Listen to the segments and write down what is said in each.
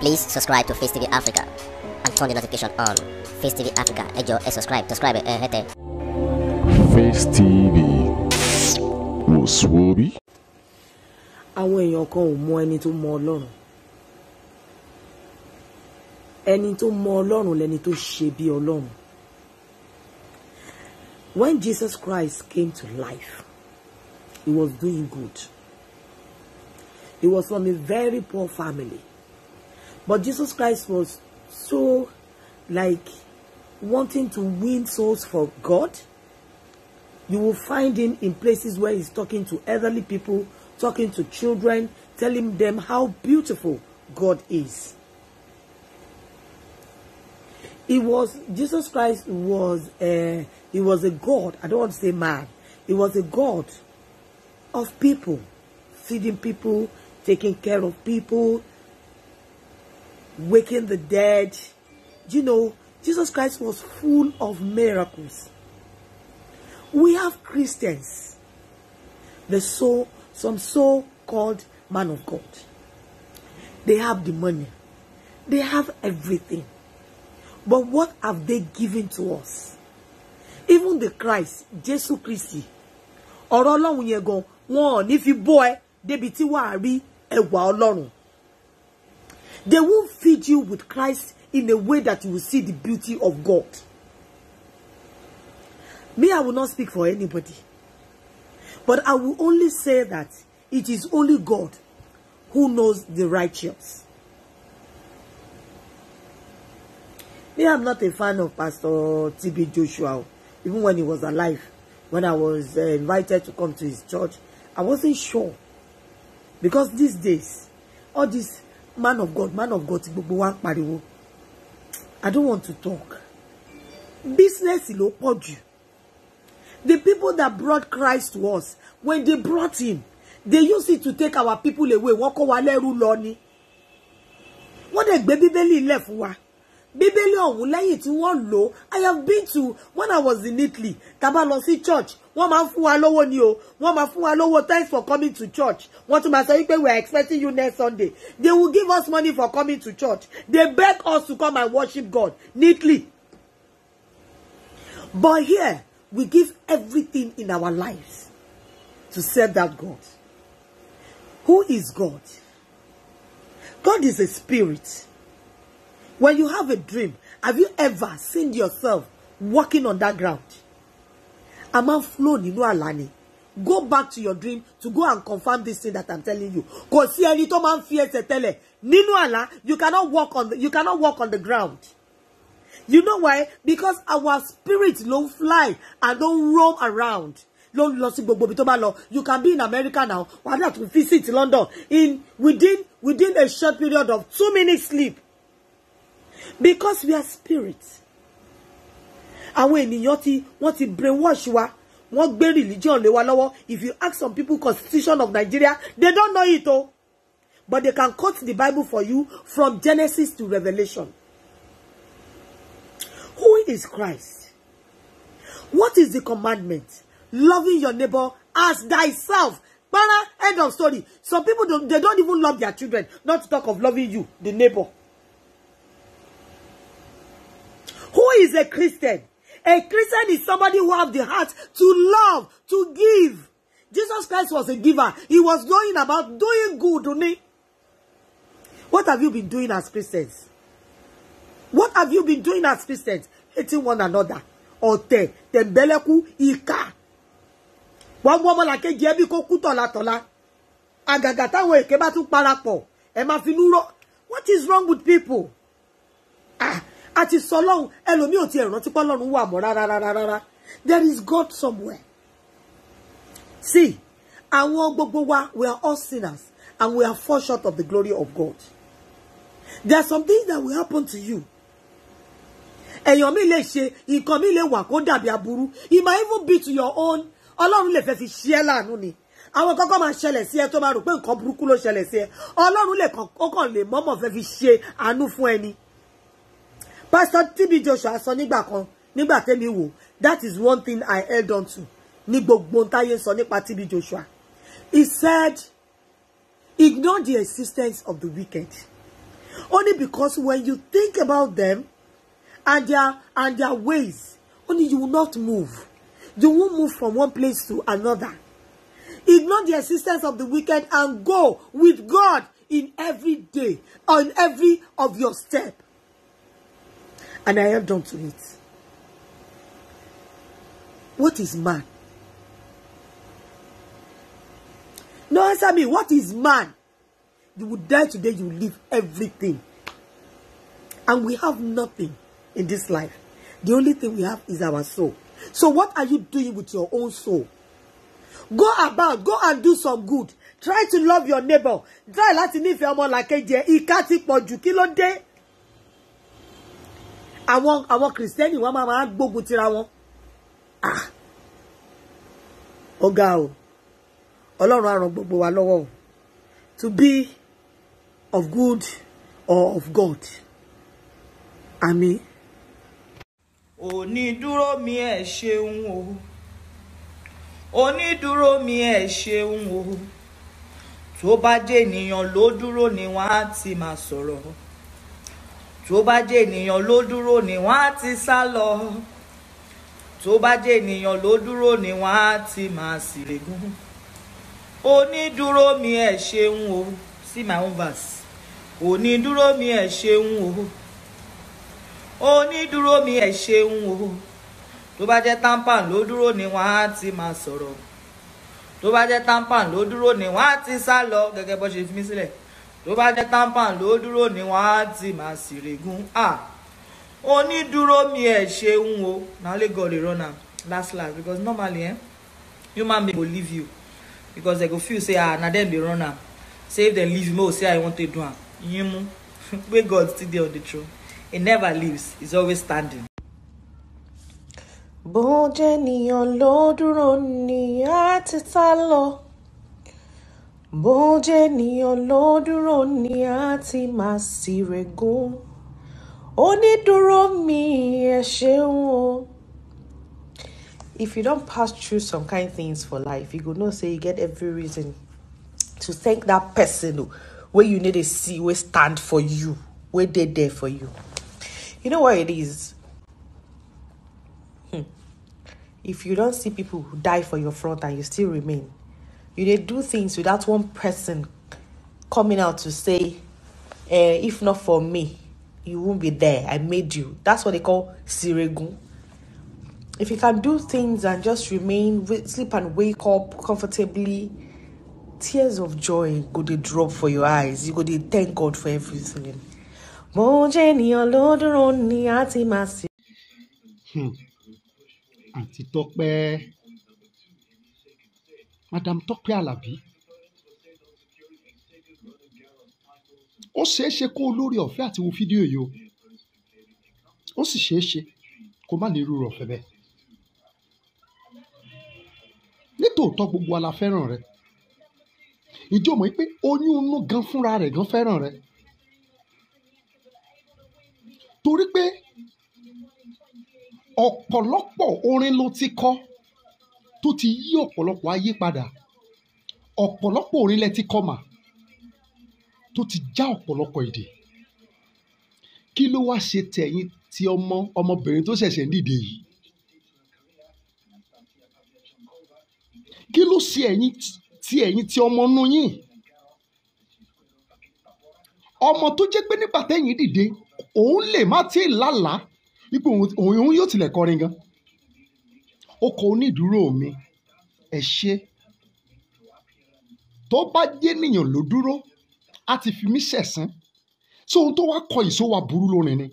Please subscribe to Face TV Africa and turn the notification on. Face TV Africa, ẹ jọ̀ọ́ ẹ subscribe, subscribe ẹ hẹ́tẹ̀. Face TV wò sùwọ́bí. Àwọn èèyàn kan ò mọ any tó mọ Ọlọ́run. Ẹni tó mọ Ọlọ́run any tó ṣe bí Ọlọ́run. When Jesus Christ came to life, he was doing good. He was from a very poor family. But Jesus Christ was so like wanting to win souls for God. You will find him in places where he's talking to elderly people, talking to children, telling them how beautiful God is. It was Jesus Christ was a eh, he was a God. I don't want to say man. He was a God of people, feeding people, taking care of people, waking the dead. You know, Jesus Christ was full of miracles. We have Christians, the so some so-called man of God. They have the money. They have everything. But what have they given to us? Even the Christ, Jesu Christi, ọ̀rọ̀ Ọlọ́run yẹn gan, wọn ò ní fi bọ́ ẹ débi tí wàá rí ẹwà Ọlọ́run. They will feed you with Christ in a way that you will see the beauty of God. Me, I will not speak for anybody. But I will only say that it is only God who knows the righteous. Me, I'm not a fan of Pastor T.B. Joshua, even when he was alive. When I was uh, invited to come to his church, I wasn't sure. Because these days, all these man of God man of God ti gbogbo wa ń pariwo I don't want to talk business ló pọ̀ jù the people that brought Christ to us when they brought him they use it to take our people away wọ́n kó wa lẹ́rú lọ ni wọ́n dẹ̀ gbé bíbélì ilẹ̀ fún wa bíbélì ọ̀hún lẹ́yìn tí wọ́n lò ó i have been to when i was in Italy tàbá lọ sí church wọ́n máa ń fún wa lówó ni o wọ́n máa fún wa lówó thanks for coming to church wọ́n tún máa sọ wípé we are expecting you next Sunday they will give us money for coming to church they beg us to come and worship God neatly but here we give everything in our lives to serve that God who is God God is a spirit. When you have a dream, have you ever seen yourself walking on that ground? A máa ń flow nínú àlá ni. Go back to your dream to go and confirm this thing that I'm telling you. Kò sí ẹni tó máa ń fi ẹsẹ̀ tẹ́lẹ̀ Ninu ala, You cannot walk on the, you cannot walk on the ground. You know why? Because our spirit ló fly and don't roam around. ló ń lọ gbogbo ibi tó bá lọ you can be in America now wàhálà to visit London in within within a short period of two minutes sleep because we are spirit àwọn ènìyàn ti wọ́n ti brainwash wa wọ́n gbé religion lé wa lọ́wọ́ if you ask some people constitution of Nigeria they don't know it o but they can quote the Bible for you from Genesis to Revelation who is Christ what is the commandment loving your neighbor as thyself para end of story some people don't, they don't even love their children not to talk of loving you the neighbor is a Christian. A Christian is somebody who have the heart to love, to give. Jesus Christ was a giver. He was going about doing good, didn't he? What have you been doing as Christians? What have you been doing as Christians? Hating one another. or tẹ̀mbẹ́lẹ́kú, ìkà. Wọ́n mú ọmọlàkejì ẹbí kó kú tọ̀latọ̀la. Àgàgà táwọn èké bá tún parapọ̀. Ẹ What is wrong with people? Ah, àti sọ lọ́hùn ẹlòmíì ò ti ẹ̀ràn tí pọ́lọ́run wà mọ́ rárá rárá rárá there is God somewhere see àwọn gbogbo wa we are all sinners and we are fall short of the glory of God there are some things that will happen to you èèyàn mi lè ṣe nǹkan mi lè wà kó dàbí aburú it might even be to your own ọlọ́run lè fẹ́ fi ṣe é láàánú ni àwọn kọ́kọ́ máa ṣẹlẹ̀ sí ẹ tó máa rò pé nǹkan burúkú ló ṣẹlẹ̀ sí ẹ ọlọ́run lè kàn lè mọ́mọ́ fẹ́ fi ṣe àánú fún ẹni. Pastor TB Joshua sọ nígbà kan nígbà tẹ́mi wò that is one thing I held on to ní gbogbo táyé sọ nípa TB Joshua he said ignore the existence of the wicked only because when you think about them and their and their ways only you will not move you won't move from one place to another ignore the existence of the wicked and go with God in every day on every of your step and I held on to it. What is man? No, answer me. What is man? You will die today, you leave everything. And we have nothing in this life. The only thing we have is our soul. So what are you doing with your own soul? Go about, go and do some good. Try to love your neighbor. Try láti nífẹ̀ẹ́ ọmọ làkejì ẹ̀. Ìkà ti àwọn àwọn kìrìsìtẹ́nì wọn máa máa gbógun tira wọn ó ah. o ọlọ́run á gbogbo wa lọ́wọ́ o to be of good or of God àmín. onídúró mi ẹ ṣeun o onídúró mi ẹ ṣeun o tó bá jẹ́ ènìyàn ló dúró ni wọ́n á ti máa sọ̀rọ̀ tó bá jẹ́ ènìyàn ló dúró ni wọ́n á ti sá lọ tó bá jẹ́ ènìyàn ló dúró ni wọ́n á ti máa sì régún onídúró mi ẹ̀ ṣeun o sí my own verse onídúró mi ẹ̀ ṣeun o onídúró mi ẹ̀ ṣeun o tó bá jẹ́ tampan ló dúró ni wọ́n á ti máa sọ̀rọ̀ tó bá jẹ́ tampan ló dúró ni wọ́n á ti sá lọ gẹ́gẹ́ bó ṣe fi mí sílẹ̀ tó bá jẹ́ tampan ló dúró ni wọ́n á ti máa sì règùn à onídúró mi ẹ̀ ṣeun o na only God dey run am last last because normally eh, human being go leave you because they go feel say ah na dem dey run am say if dem leave you make say i wan take do am yimu wey God still dey on the throne he never leaves he's always standing. bó jẹ́ nìyàn ló dúró ni a ti sá lọ. bó ni ènìyàn dúró ni ati ti máa sì mi ẹ if you don't pass through some kind things for life you go no say you get every reason to thank that person where you need to see where stand for you where they there for you you know what it is hmm. if you don't see people who die for your front and you still remain you they do things without one person coming out to say, eh, if not for me, you won't be there. I made you. That's what they call siregun. If you can do things and just remain, sleep and wake up comfortably, tears of joy go they drop for your eyes. You go they thank God for everything. Hmm. Àti Madame, Tọ́pẹ́ Àlàbí ó ṣeé ṣe kó olórí ọ̀fẹ́ àti wo fídíò yìí o ó sì ṣeé ṣe kó má lè rúrọ̀ ọ̀fẹ́ bẹ́ẹ̀ nítòótọ́ gbogbo ala fẹ́ràn rẹ ìjọ mọ̀ pé oyún inú gan fúnra rẹ̀ gan fẹ́ràn rẹ torí pé ọ̀pọ̀lọpọ̀ orin ló ti kọ tó ti yí ọ̀pọ̀lọpọ̀ ayé padà ọ̀pọ̀lọpọ̀ orin lẹ kọ́mà tó ti já ọ̀pọ̀lọpọ̀ èdè kí ló wá ṣe tẹ̀yìn ti ọmọ ọmọbìnrin tó ṣẹ̀ṣẹ̀ ń dìde yìí kí ló ṣe ẹ̀yìn ti ẹ̀yìn ti ọmọ nú yín ọmọ tó jẹ́ pé nígbà tẹ̀yìn dìde òun lè má tí ì lálàá ipò òun yóò tilẹ̀ kọrin gan-an ọkọ̀ onídùúró mi ẹ ṣé tó bá jẹ́ ènìyàn ló dúró á ti fi mí ṣẹ̀sán sí ohun tó wá kọ ìṣòwò aburú lórin ni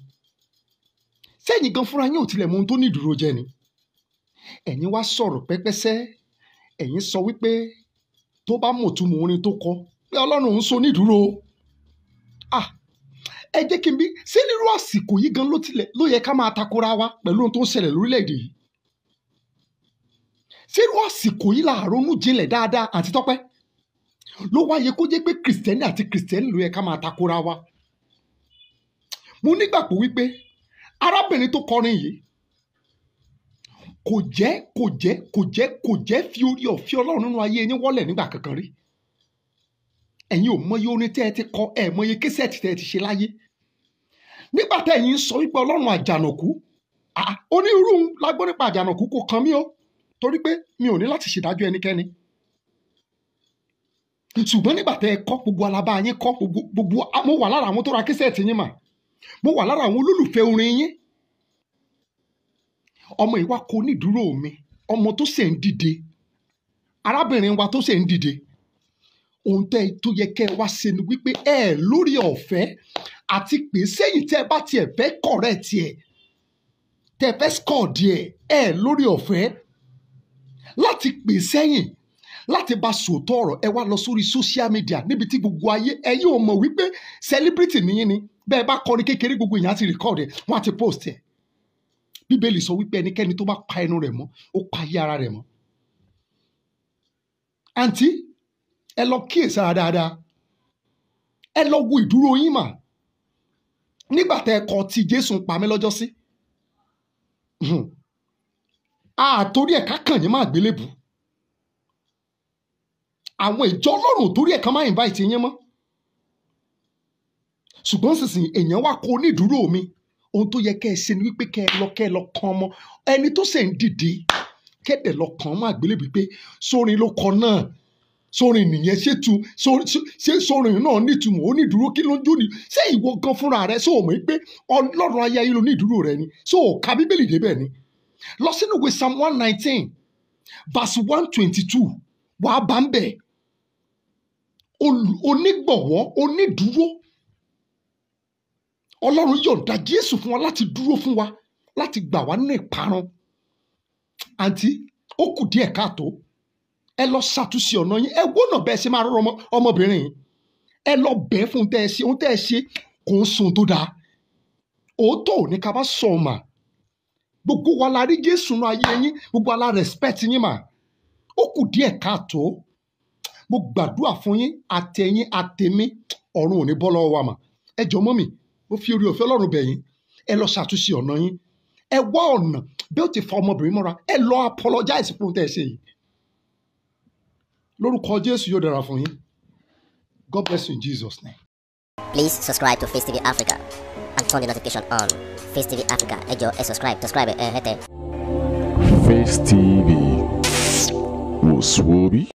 sẹ́yìn gan fúnra yín ò tilẹ̀ mọ ohun tó ní ìdúró jẹ́ ni ẹ̀yin wá sọ̀rọ̀ pẹ́pẹ́sẹ́ ẹ̀yin sọ wípé tó bá mọ̀ orin tó kọ pé ọlọ́run ń so nídúró ah ẹ jẹ́ kí n bí sí nírú àsìkò yìí gan ló tilẹ̀ ló yẹ ká máa takora wa pẹ̀lú ohun tó ń ṣẹlẹ̀ lórílẹ̀‐èdè yìí ṣerú àsìkò yìí làárọ̀nù jinlẹ̀ dáadáa àti tọ́pẹ́ ló wáyé kó jẹ́ pé kìrìsìtẹ́nì àti kìrìsìtẹ́nì ló yẹ ká máa takora wa mo nígbàgbọ́ wípé arábìnrin tó kọrin yìí kò jẹ́ kò jẹ́ kò jẹ́ kò jẹ́ fi orí ọ̀fẹ́ ọlọ́run nínú ayé yín wọ́lẹ̀ nígbà kankan rí ẹ̀yin ò mọye orin tẹ́ ẹ ti kọ ẹ̀ mọye késẹ́ẹ̀tì tẹ́ ẹ ti ṣe láyé nígbà tẹ́ ẹ̀yin sọ wípé ọlọ́run àjànàkú onírúurú la gbọ́ nípa àjànàkú kò kàn mí o torí pé mi ò ní láti ṣèdájọ́ ẹnikẹ́ni ṣùgbọ́n nígbà tẹ́ ẹ kọ́ gbogbo alaba yín kọ́ gbogbo mo wà lára àwọn tó ra kíṣẹ́ẹ̀tì yín mà mo wà lára àwọn olólùfẹ́ orin yín ọmọ ìwà kò ní ìdúró mi ọmọ tó ṣe ń dìde arábìnrin wa tó ṣe ń dìde ohun tẹ́ tó yẹ kẹ́ ẹ wá ṣe ni wípé ẹ lórí ọ̀fẹ́ àti pé sẹ́yìn tẹ́ ẹ bá tiẹ̀ fẹ́ kọ̀rẹ́ tiẹ̀ tẹ́ ẹ fẹ́ skọ̀ díẹ̀ ẹ lórí ọ̀fẹ́ láti pè sẹ́yìn láti bá sòótọ́ ọ̀rọ̀ ẹ wá lọ sórí social media níbi tí gbogbo ayé ẹ yóò mọ̀ wípé celebrity nìyí ni bẹ́ẹ̀ bá kọrin kékeré gbogbo èèyàn á ti record ẹ̀ wọ́n á ti post ẹ̀ bíbélì sọ wípé ẹnikẹ́ni tó bá pa ẹnu rẹ̀ mọ́ ó pa ayé ara rẹ̀ mọ́ àǹtí ẹ lọ kíyèsára dáadáa ẹ lọ wo ìdúró yín mà nígbà tẹ ẹ kọ ti Jésù pa lọ́jọ́ sí. Hmm àtòrí ẹ̀ka kàn yín máa gbélébù àwọn ìjọ ọlọ́run torí ẹ̀ka máa invite yín mọ́ ṣùgbọ́n sísìn èèyàn wá kó onídùúró mi ohun tó yẹ kẹ́ ẹ ṣe ni wípé kẹ́ ẹ lọ kẹ́ ẹ lọ kàn ọmọ ẹni tó ṣe ń dìde kẹ́dẹ̀ lọ kàn máa gbélébù pé sórin ló kọ náà sórin nìyẹn ṣètù ṣé sórin náà nítumọ̀ ó kí ló ń jó ni ṣé ìwọ gan fúnra rẹ ṣó o mọ̀ pé ọlọ́run ayé ayé ló nídùúró rẹ ni ṣó o ka bíbélì débẹ̀ ni lọ sínú ìwé psalm one nineteen verse one twenty two wàá bá ń bẹ̀ onígbọ̀wọ́ onídùúró ọlọ́run yọ̀ǹda jésù fún wa láti dúró fún wa láti gbà wá nínú ìparun àǹtí ó kù díẹ̀ káàtó ẹ lọ ṣàtúnṣe ọ̀nà yín ẹ gbọ́nà bẹ́ẹ̀ ṣe máa rọrọ ọmọbìnrin yìí ẹ lọ bẹ́ẹ̀ fún tẹ́ ẹ ṣe ohun tẹ́ ẹ ṣe kò ń sun tó dáa òótọ́ ò ní ká bá sọ ọ́ mà gbogbo wa la rí jésù nu ayé yín gbogbo wa la respect yín mà ó kù díẹ̀ káàtó mo gbàdúrà fún yín àtẹ̀yìn àtẹ̀mí ọ̀run ò bọ́ lọ́wọ́ wa mà ẹ jọ mọ́ mi mo fi orí ọ̀fẹ́ ọlọ́run bẹ̀ yín ẹ lọ ṣàtúnṣe ọ̀nà yín ẹ wá ọ̀nà bí ó ti fa ọmọbìnrin mọ́ra ẹ lọ apologize fún tẹ́ ṣe yìí lórúkọ jésù yóò dára fún yín God bless you in Jesus' name. Please subscribe to Face TV Africa. turn the notification on. Face TV Africa, ejo, eh, subscribe, subscribe, eh, hete. Face TV was